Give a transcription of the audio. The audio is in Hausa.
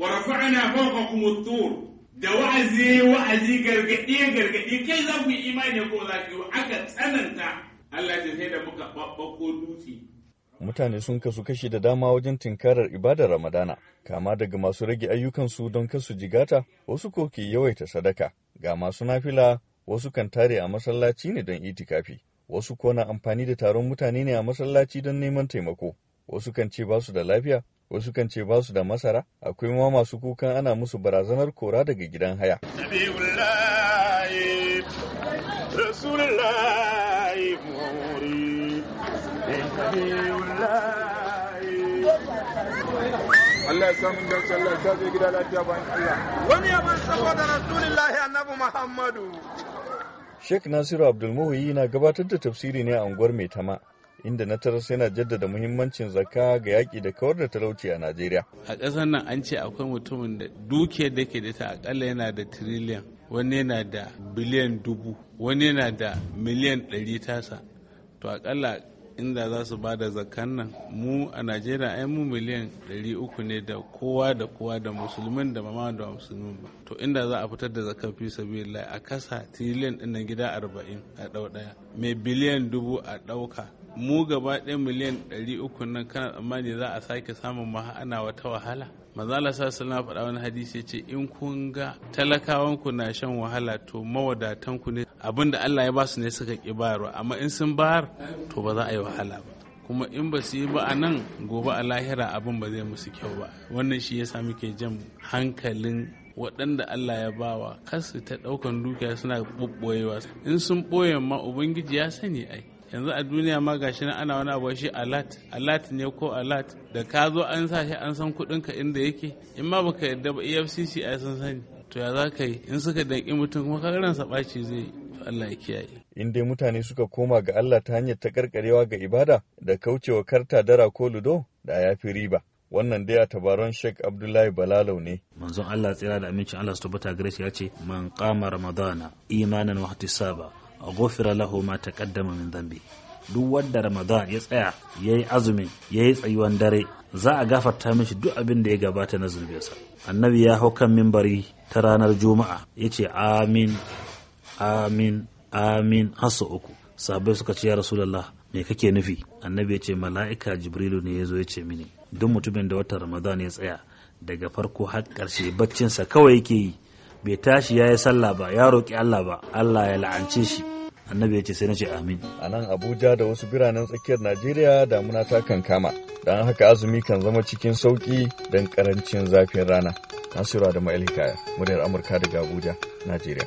ورفعنا فوقكم الطور at-tur da wa'azi كي gargadi gargadi kai za ku yi imani ko za ku mutane sun kasu kashi da dama wajen tinkarar ibadar ramadana kama daga masu rage ayyukansu don kasu jigata wasu ko ke yawaita sadaka ga masu nafila wasu kan tare a masallaci ne don itikafi wasu ko na amfani da taron mutane ne a masallaci don neman taimako wasu kan ce ba su da lafiya wasu kan ce ba su da masara akwai ma masu kukan ana musu barazanar kora daga gidan haya Allah ya samu dace Allah ya tafi gida lafiya ba Allah wani ya yaban saboda rasulullahi annabi Muhammadu Sheikh Nasiru Abdulmuhi yana gabatar da tafsiri ne a unguwar Maitama inda na taras yana jaddada muhimmancin zaka ga yaki da kawar da talauci a Najeriya. A ƙasar nan an ce akwai mutumin da dukiyar da ke da ta akalla yana da tiriliyan, wani yana da biliyan dubu, wani yana da miliyan ɗari tasa. To akalla inda za su ba da zakan nan mu a najeriya ai mu miliyan uku ne da kowa da kowa da musulmin da mama da musulmin ba to inda za a fitar da zakan fi sabilillah a kasa tiriliyan ɗin gida arba'in a ɗau daya mai biliyan dubu a ɗauka. mu gaba ɗaya miliyan 300 nan kana tsammani za a sake samun ma ana wata wahala mazala sa na faɗa wani hadisi ce in kun ga talakawanku na shan wahala to mawadatanku ne da Allah ya ba su ne suka ki bayarwa amma in sun bayar to ba za a yi wahala ba kuma in ba su yi ba a nan gobe a lahira abin ba zai musu kyau ba wannan shi yasa muke jan hankalin waɗanda Allah ya bawa kasu ta ɗaukan dukiya suna ɓoɓɓoyewa in sun ɓoye ma ubangiji ya sani ai yanzu a duniya ma gashi nan ana wani abu shi alat alat ne ko alat da ka zo an sa shi an san kuɗin ka inda yake in ma baka yarda ba EFCC ai sun sani to ya za ka yi in suka danki mutum kuma ka ransa ɓaci zai Allah ya kiyaye in dai mutane suka koma ga Allah ta hanyar ta karkarewa ga ibada da kaucewa karta dara ko ludo da ya fi riba wannan dai a tabaron Sheikh Abdullahi Balalau ne. Manzon Allah tsira da amincin Allah su tabbata gare shi ya ce man qama ramadana imanan wa ihtisaba a gofira laho ma kaddama min zambi duk wanda Ramadan ya tsaya ya yayi azumin yi tsayuwan dare za a gafarta mishi duk abin da ya gabata na zunubinsa annabi ya hau kan mimbari ta ranar juma'a ya ce amin amin amin hasu uku sabai suka ce ya rasulallah me kake nufi annabi ya ce mala'ika jibrilu ne ya zo ya ce mini duk mutumin da watan ramadan ya tsaya daga farko har karshe baccinsa kawai yake yi bai tashi ya yi sallah ba ya roƙi Allah ba Allah ya la'ance shi annabi ya ce sai na ce amin a nan abuja da wasu biranen tsakiyar najeriya damuna ta kan kama don haka azumi kan zama cikin sauki don ƙarancin zafin rana nasiru da ma'aikaya muryar amurka daga abuja najeriya